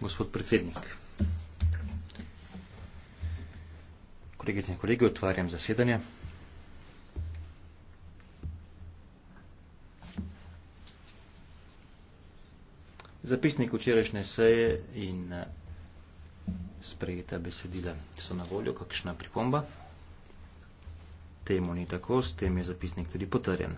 gospod predsednik kolegice in kolegi otvarjam zasedanje zapisnik včerajšnje seje in eh, sprejeta besedila so na voljo kakšna pripomba temu ni tako s tem je zapisnik tudi potrjen